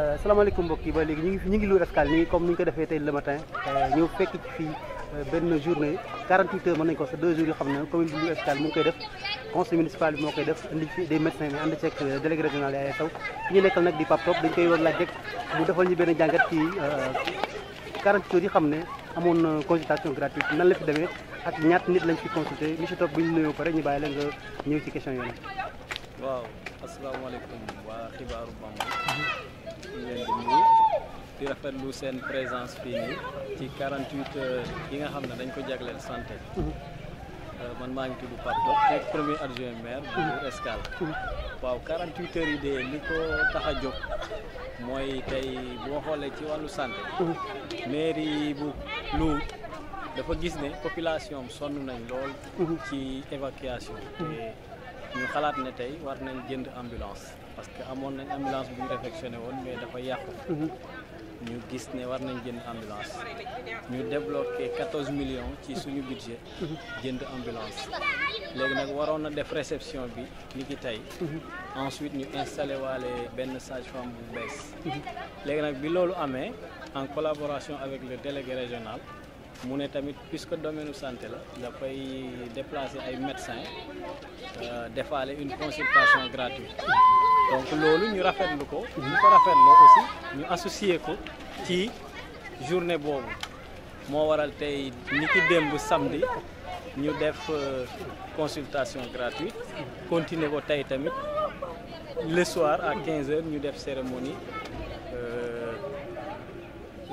assalamualaikum mbokk yi ba léegi ñu ngi fi ñu ngi lu Escale ni comme ni ñu ko defee tey le matin ñëw fekk ci fii benn journée 48 heures mën nañ ko sa deux jours yoo xam ne commune bi Lour Escale mu ngi koy def conseil municipal bi moo koy def indi ci des médecins mais ànd ceeg délégué régional Yaya Sow fi ñu nekkal nag di pap Top dañ koy war laaj rek mu defal ñu benn jàngat ci 48 heures yi xam ne amoon consultation gratuite nan la fi demee ak ñaata nit lañ fi consulté monsieur Top bu ñu nuyoo pare ñu bàyyi la nga ñëw ci question yooyu. waaw asalaamaaleykum waa xibaaru Bambey ñu leen di nuyu di rafetlu seen présence fii nii ci 48 heures yi nga xam ne dañ ko jagleel santé. Euh, man maa ngi tudd Pape Diop nekk premier adjoint maire bu mhm. Escale. Mhm. waaw 48 heures yi de li ko tax a jóg mooy tey boo xoolee ci wàllu santé. Mhm. mairie bu Lour dafa gis ne population am sonn nañ lool. ci évacuation. Nous avons ne tey war ambulance parce que amoon nañ ambulance bu ñu réfectionné woon mais dafa yàqu mhm. ñu gis ne war nañ jënd ambulance ñu débloqué 14 millions ci suñu budget mhm. jënd ambulance léegi nag waroon na def réception bi nous avons mhm. ensuite ñu installé les benn sage-femme bu bees léegi nag bi en collaboration avec le délégué régional mu ne tamit puisque domaine santé la dafay déplacer ay médecins euh, defaale une consultation gratuite donc loolu ñu rafetlu ko ñu ko rafetloo aussi ñu associé ko ci journée boobu moo waral tey ni ki démb samedi ñu def euh, consultation gratuite continuer ko tey tamit le soir à 15 heures ñu def cérémonie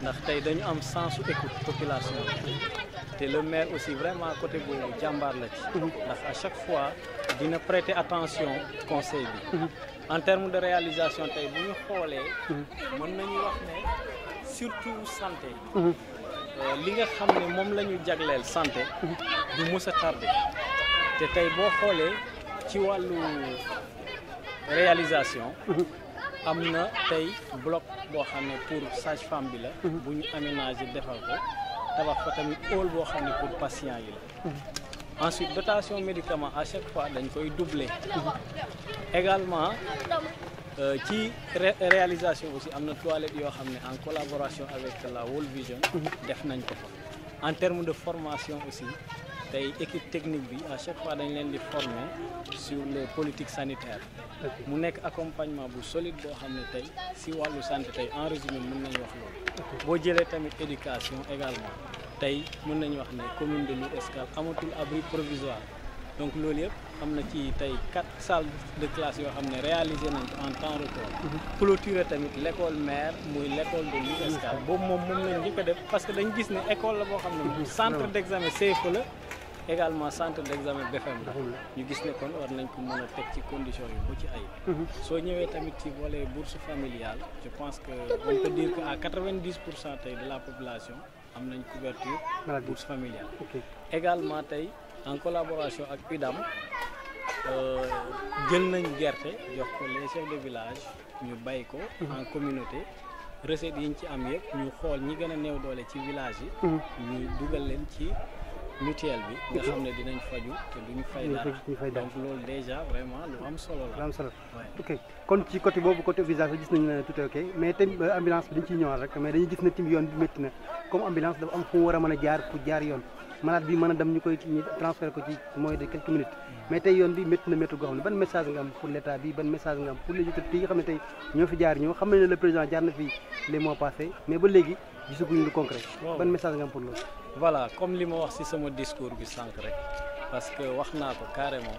nous avons dañu sens de la population et le maire aussi vraiment à côté de nous. la ci mhm. à chaque fois ne prêter attention conseil mhm. en termes de réalisation nous avons un problème wax surtout santé mhm. euh, li nga xam ne moom la santé du mës a tardé nous tey boo xoolee ci wàllu réalisation on tay un bloc pour les sages-femmes la. Mhm. buñu aménager aménagé ko tabax fa tamit hall pour patient yi la. Mhm. ensuite dotation médicaments, à chaque fois dañ koy doubler. Mhm. également la euh, réalisation aussi nous avons toilette en collaboration avec la World Vision. en termes de formation aussi. L'équipe équipe technique bi à chaque fois dañ les di former sur les politiques sanitaires mu un accompagnement bu solide boo xam tay si le santé tay en résumé mën nañu wax loolu boo jëlee tamit éducation également tay mën nañu wax commune de Lour l'abri abri provisoire donc loolu yëpp am 4 salles de classe réalisées réalisé en temps record mhm. clôturé tamit l' l'école mère l'école de Lour Escale boobu moom moom parce que dañ gis école la centre d'examen c'est également centre d'examen BFM, nous nous ñu gis ne kon war nañ ko mën a teg ci condition yu bu mhm. ci bourse familiale je pense que on peut dire qu'à 90% de la population avons une couverture bourse familiale également en collaboration avec PIDAM, nous avons gerte jox les chefs de village nous bay ko mhm. en communauté recettes avons ñu ci am yëpp ñu xool ñi gën a néew ci village yi mhm. ñu dugal mutuelle bi nga xam ne dinañ faju te duñu fay dara loolu déjà vraiment lu am solo la. lu am solo ok kon ci côté boobu côté visage gis nañu ne tout est ok mais tamit euh, ambulance bi dañ ciy ñëwaat rek mais dañuy gis ne tamit yoon bi métti na comme ambulance dafa am fu mu war a mën a jaar pour jaar yoon. malade bi mën a dem ñu koy ñu ko ci moins de quelques minutes mais tey yoon bi métti na métti goo xam ne ban message nga am pour l' état bi ban message nga am pour les autorités yi nga xam ñoo fi jaar ñoo xam ne le mais ba léegi gisaguñu lu concret ban message nga am pour loolu voilà comme li ma wax si sama discours bi sànq rek parce que wax naa ko carrément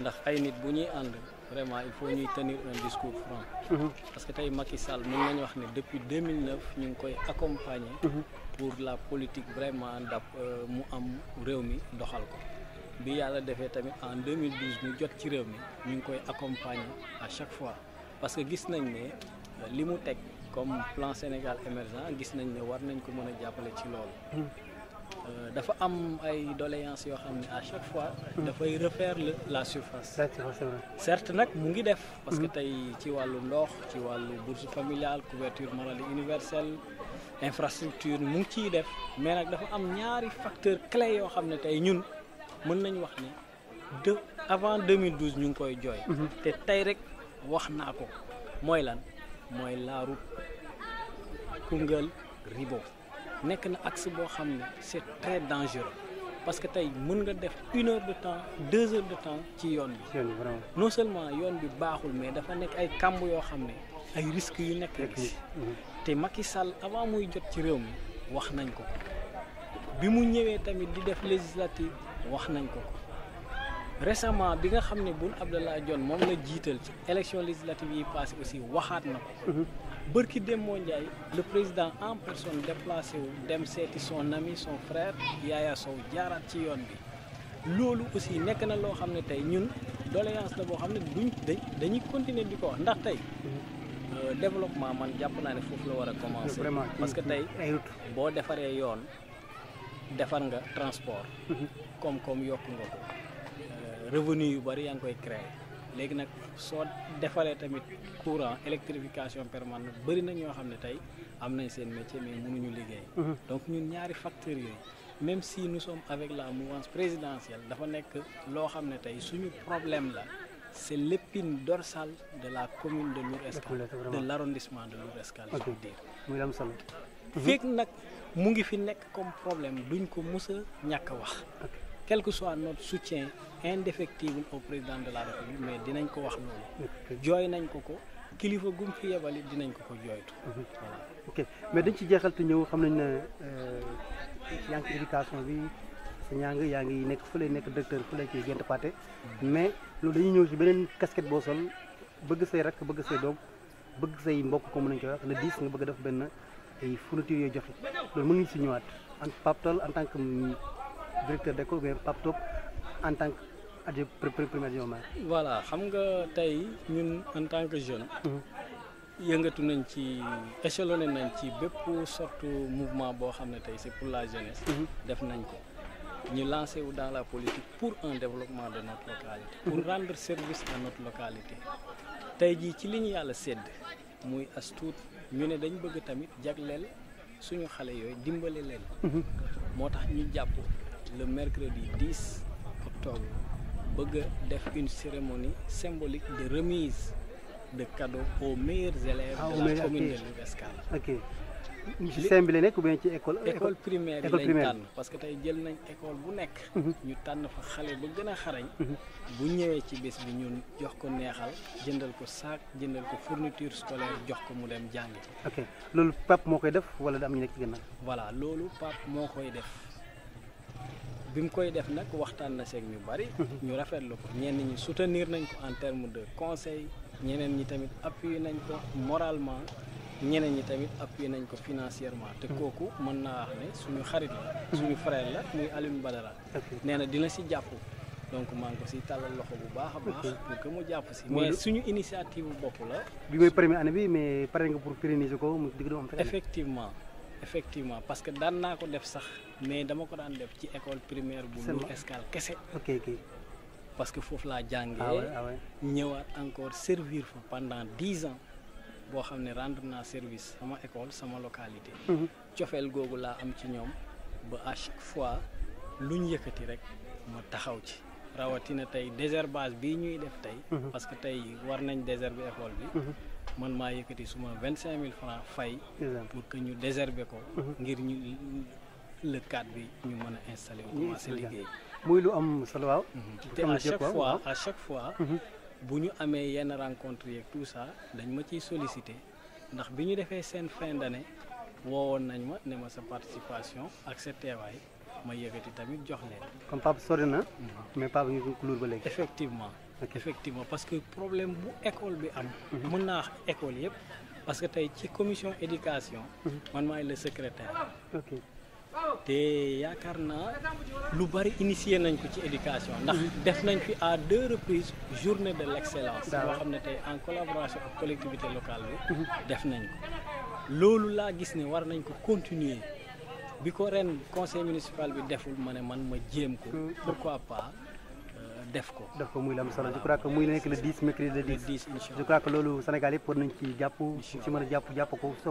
ndax ay nit bu ñuy ànd vraiment il faut tenir un discours franc. Mhm. parce que tay Macky Sall wax depuis 2009 nous ngi koy mhm. pour la politique vraiment dab euh, mu am réew en 2012 nous jot ci à chaque fois parce que gis nañ ne euh, li comme plan Sénégal émergent gis nañ ne war nañ ko a ci mhm. Euh, dafa am ay doléances yoo xam ne à chaque fois. dafay refaire la surface. certes nag mu ngi def. parce que mhm. tey ci wàllu ndox ci wàllu bourse familiale couverture maladie universelle infrastructure mu ngi ciy def mais nag dafa am ñaari facteur clé yoo xam ne tey ñun mën nañ wax ne de avant 2012 ñu ngi koy jooy. Mhm. te tey rek wax naa ko mooy lan mooy la route Koungheul Ribo nekk na axe boo xam ne c'est très dangereux parce que tey mën nga def une heure de temps deux heures de temps ci yoon bi non seulement yoon bi baaxul mais dafa nekk ay kàmb yoo xam ne ay risques yu nekk ci mhm. te Macky Sall avant muy jot ci réew mi wax nañ ko bi mu ñëwee tamit di def législative wax nañ ko ko récemment bi nga xam ne Boun Abdallah Dionne moom la jiital ci élection législative yi passé aussi waxaat na ko mhm. bërki Dembo Ndiaye le président en personne déplacé wu dem seeti son ami son frère Yaya Sow jaaraat ci yoon bi loolu aussi nekk na loo xam ne tey ñun doléance la boo xam ne duñ dañuy continuer di ko wax ndax tey mhm. euh, développement man jàpp naa ne foofu la war a commencer parce que tey boo defaree yoon defar nga transport mhm. koom-koom yokku revenu yu bëri yaa ngi koy créer léegi nag soo defalee tamit courant électrification permanente bëri na ñoo xam ne tey am nañ seen métier mais mënuñu liggéey. Mhm. donc ñun ñaari facteurs yooyu même si nous sommes avec la mouvance présidentielle dafa nekk loo xam ne tey suñu problème la. c'est l'épine dorsale de la commune de Lour Escale de l'arrondissement de Lour Escale je dire muy am solo fekk nag mu ngi fi nekk comme problème duñ ko mës a ñàkk wax quel que soit notre soutien indéfectible au président de la république mais dinañ ko wax loolu jooy nañ ko ko kilifa gum fi yebali dinañ ko ko jooytu voilà ok mais dañ ci jeexal te ñëw xam nañ ne euh, yaa ngi ci éducation bi sa ñaa yaa ngi nekk fële nekk docteur fële ci Gént Pathé mais loolu dañuy ñëw si beneen casquette boo sol bëgg say rek bëgg say doom bëgg say mbokk ko mën nañu koy wax le 10 nga bëgg def benn ay fourniture yooyu joxe loolu mën ngi si ñëwaat en paptal en tant que directeur d'école ou pap Top en tant que adjoint premier adjoint maire voilà xam nga tay ñun en tant que jeune mhm. yëngatu nañ ci échelonné nañ ci bépp sorte mouvement bo xamné ne c'est pour la jeunesse mhm. def nañ ko ñu lancer wu dans la politique pour un développement de notre localité pour mhm. rendre service à notre localité tay ji ci liñu yalla sédd muy as ñu ne dañ bëgg tamit jaglél suñu xalé yoy dimbalé leen motax ñu jàpp le mercredi 10 octobre bëgg a def une cérémonie symbolique de remise de cadeaux aux meilleurs élèves ah, de la commune de Rufisque. ok ci CEM bi la ou bien ci école. école primaire yi lañ parce que tey jël nañ école bu nekk. Mhm. ñu tànn fa xale ba gën a xarañ. Mhm. bu ñëwee ci bés bi ñun jox ko neexal jëndal ko saak jëndal ko fourniture scolaire jox ko mu dem jàngi. ok loolu pap moo koy def wala da am ñu nekk ci gannaaw. voilà loolu pap moo koy def. bi mu koy def nag waxtaan na seeg ñu bari. Mhm. ñu rafetlu ko ñenn ñi soutenir nañ ko en terme de conseil ñeneen ñi tamit appuyer nañ ko moralement ñeneen ñi tamit appuyer nañ ko financièrement. te mhm. kooku mën naa wax ne suñu xarit la. suñu mhm. frère la muy Alioune Badara. nee na dina si jàpp. donc maa ngi ko si tàllal loxo bu baax a baax. pour que mu jàpp si. mais suñu initiative bopp la. bi mooy première année bi mais pare nga pour pérenniser ko mu digg am. effectivement. effectivement parce que daan naa ko def sax mais dama ko dan def ci école primaire bu Lour Escale kese ok ok parce que foofu laa jàngee ah ah ñëwaat encore servir fa pendant 10 ans bo xamné rendre na service sama école sama localité mhm. cofeel googu la am ci ñom ba à chaque fois lu yëkëti rek ma taxaw ci rawatina tay désherbage bi ñuy def tey mhm. parce que tay war nañ désherber école bi mhm man maa yëkkati suma vingt cinq francs fay pour que ñu désherber ko mhm. ngir ñu le lëkkaat bi ñu mën a installé wu commencé liggéey muy lu am solo waaw mhm. te à chaque fois à chaque fois bu ñu amee yenn rencontre yeeg tout ça dañ ma ciy sollicité ndax bi ñu defee seen fin d'année woowoon nañ ma ne ma sa participation ak sa teewaay ma yëkkati tamit jox leen. comme Pape sori na. Mhm. mais Pape ñu ngi Kuluur ba léegi. effectivement effectivement parce que le problème bu école bi am. mën mhm. école parce que tey ci commission éducation. Mhm. man maay le secrétaire. te yaakaar naa lu bari initié nañ ko ci éducation ndax mhm. def nañ fi à deux reprises journée de l'excellence boo xam ne en collaboration avec collectivité locale bi def nañ ko loolu laa gis ne war nañ ko continuer bi conseil municipal bi deful ma ne man ma pourquoi pas def ko def ko muy la am solo je crois que muy nekk le 10 mercredi le 10 loolu Sénégal yëpp war nañ ci jàpp ci jàpp ko so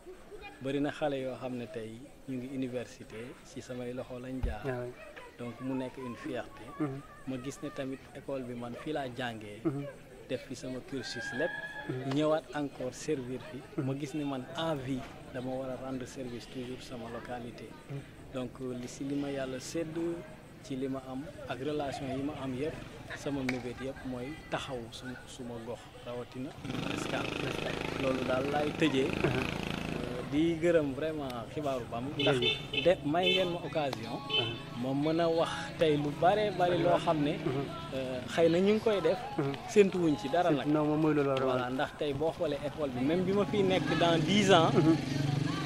bari na xalé yo xamné tay ñu ngi université ci samay loxo lañ jaar ah donc mu nekk une fierté mhm. ma gis né tamit école bi man fi la jàngee mhm. def fi sama cursus lepp mhm. ñëwaat encore servir fi ma gis né man vie dama wara rendre service toujours sama localité donc euh, li ci li ma yàlla sédd ci li ma am ak relation yi ma am yépp sama mbébét yépp mooy taxaw suma gox rawatina Escale loolu daal lay tëjee di gërëm vraiment xibaaru bam ndax de may ngeen ma occasion moom mën a wax tey lu bare bari loo xam ne euh, xëy na ñu ngi koy def séntuwuñ ci dara nag non moom mooy loolu voilà ndax tey boo xoolee école bi même bi ma fiy nekk dans an ans mhm.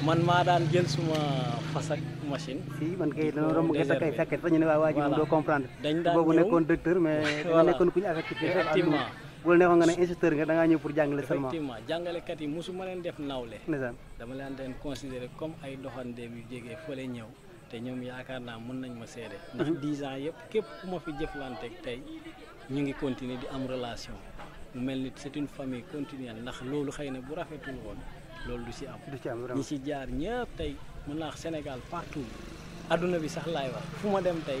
man maa daan jël suma fas ak machine si man kay dana romb nga sa kay fekkee sax ne waa waa ji doo comprendre dañ daan boobu nekkoon docteur mais dana nekkoon ku ñu affecté effectivement bu la neexoon nga ne instructeur nga da ngaa ñëw pour jàngale seulement effectivement jàngalekat yi mosuma leen def nawle dama leen daan considéré comme ay doxandeem yu jege fële ñëw te ñoom yaakaar naa mën nañ ma seede mhm. ndax dix ans yëpp képp ku ma fi jëflanteeg tey ñu ngi continuer di am relation mu mel ni c'est une famille continuelle ndax loolu xëy na bu rafetul woon loolu du ci am ñi ci jaar ñëpp tey mën naa wax Sénégal partout adduna bi sax laay wax fu ma dem tey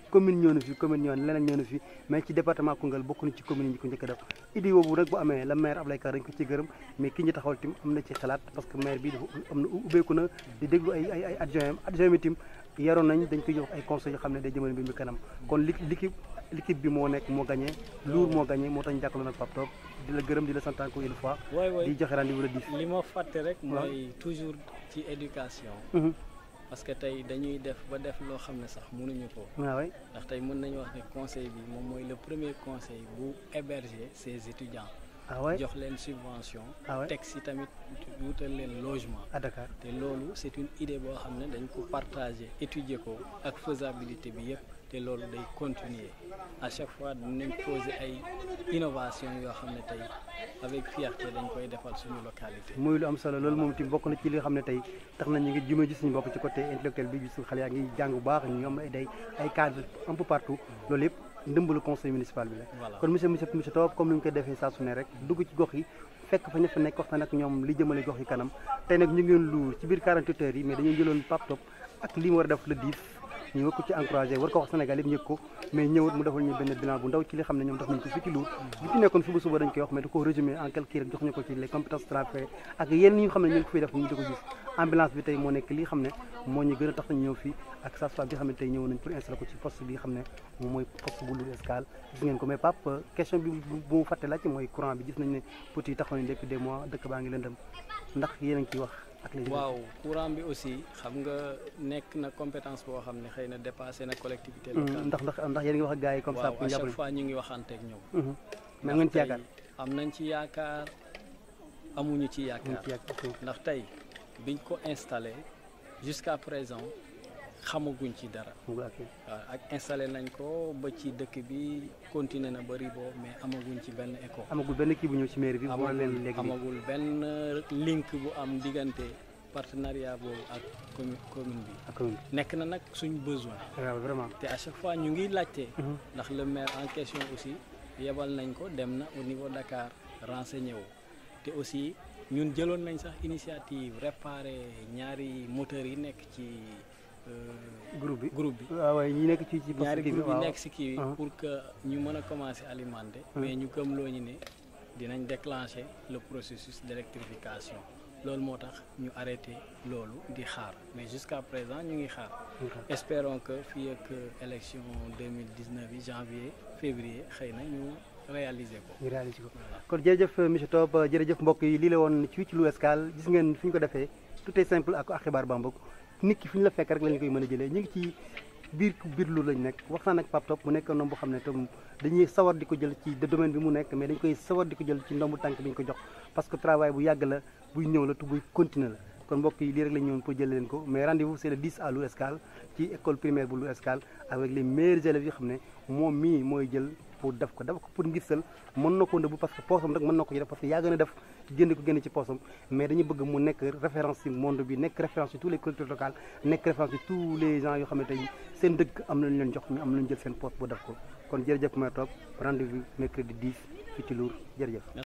commune ñoo na fi commune ñoo na leneen ñoo na fi mais ci département Koungheul bokkuñu ci commune yi ñu ko njëkk a def idée boobu nag bu amee la maire Ablaye Ka dañ ko ci gërëm mais ki ñu taxawal tim am na ci xalaat parce que maire bi dafa am na ubbeeku na di déglu ay ay ay adjoint adjoint tim yaroon nañ dañ koy jox ay conseils yoo xam ne day jëmale mbir mi kanam kon li l'équipe l'équipe bi moo nekk moo gagné lour moo gagné moo tax ñu jàkkaarloo nag Pape Top di la gërëm di la sant encore une fois di joxe rendez-vous le 10 li ma fàtte rek mooy toujours ci éducation mhm. parce que tey dañuy def ba def loo xam ne sax mënuñu ko. ah ndax tey mën nañu wax ne conseil bi moom mooy le premier conseil bu héberger ses étudiants. ah jox leen subvention. Ah teg si tamit wutal leen logement. à ah, Dakar te loolu c'est une idée boo xam ne dañ ko partager étudier ko ak faisabilité bi yëpp te loolu day continuer à chaque fois dinañ poser ay innovation yoo xam ne tey avec fierté dañ koy defal suñu localité. muy lu am solo loolu moom itam bokk na ci li nga xam ne tey tax na ñu ngi jume ji suñu bopp ci côté intellectuel bi suñu xale yaa ngi jàng bu baax ñu am ay ay cadres un peu partout loolu yëpp ndimbalu conseil municipal bi la. kon monsieur monsieur monsieur Top comme ni ñu koy defee saa su ne rek dugg ci gox yi. fekk fa ña fa nekk waxtaan ak ñoom li jëmale gox yi kanam tey nag ñu ngeen luur ci biir 48 heures yi mais dañoo jëloon pap Top ak li mu war a def le 10 ñu war ko ci encouragé war ko wax Sénégal yëpp ñëg ko mais ñëwut mu defal ñu benn bilan bu ndaw ci li xam ne ñoom def nañ ko fii ci ne ñu ngi ko fiy def ñu di ko gis ambulance bi tey moo nekk li xam ne moo ñu a tax nañ ñëw fii ak sage-femme bi xam ne tey ñëw nañ pour installer ko ci poste bi xam ne mooy poste bu Lour Escale gis ngeen ko mais Pape question bi bu mu laaj mooy courant bi gis nañ ne poteaux yi nañ depuis des mois dëkk baa ngi lëndëm ndax a ngi wax ak waaw courant bi aussi xam nga nekk na compétence boo xam ne xëy na dépassé na collectivité mm, locale. ndax ndax ndax yéen ngi wax ak gars yi comme ça. pour ñu jàppale waaw à chaque fois ñu ngi waxanteeg ñoom. mais mm-hmm. am nañ ci yaakaar am nañ ci yaakaar amuñu ci yaakaar. ndax tey biñ ko installé jusqu'à présent. xamaguñ ci dara. waaw ak installé nañ ko ba ci dëkk bi continué na ba Ribot mais amaguñ ci benn écho. amagul benn kii bu ñëw ci mairie bi. amagul benn link bu am diggante partenariat boobu ak commune bi. nekk na nag suñu besoin. Ah, vraiment te à chaque fois ñu ngi laajte. Mhm. ndax le maire en question aussi yebal nañ ko dem na au niveau Dakar renseigné wu te aussi ñun jëloon nañ sax initiative réparer ñaari moteurs yi nekk ci. Euh, groupe bi groupe bi. Ah ñi nekk ci ci uh-huh. pour que ñu mën a commencer alimenter. Uh-huh. mais ñu comme loo ñu ne dinañ déclencher le processus d'électrification lool motax ñu arrêté loolu di xaar mais jusqu'à présent ñu ngi xaar. Uh-huh. espérons que fi ak élection 2019 janvier février xeyna ñu. réaliser ko ñu réaliser ko kon jërëjëf monsieur Top jërëjëf mbokk yi li la woon ci Lu Escale gis ngeen fuñ ko defee tout est simple ak xibaar Bambouck nit ki fi ñu la fekk rek lañ koy mën a jëlee ñu ngi ci biir biir lu lañ nekk wax naa nag Pape Top mu nekk ndoom boo xam ne tam dañuy sawar di ko jël ci domaine bi mu nekk mais dañ koy sawar di ko jël ci ndombu tànk bi ñu ko jox parce que travail bu yàgg la buy ñëw la te buy continuer la kon mbokk yi lii rek la ñëwoon pour jëlee leen ko mais rendez-vous c'est le 10 à Lour Escale ci école primaire bu Lour Escale avec les meilleurs élèves yi xam ne moom mii mooy jël pour def ko def ko pour ngisal mën na ko nëbbu parce que poosam rek mën na ko ci def parce que yaa gën a def jënd ko génn ci poosam mais dañu bëgg mu nekk référence ci monde bi nekk référence ci tous les cultures locales nekk référence ci tous les gens yoo xamante ni seen dëkk am nañu leen jox ñu am nañu jël seen poos bu def ko kon jërëjëf may toog rendez-vous mercredi 10 fii ci Lour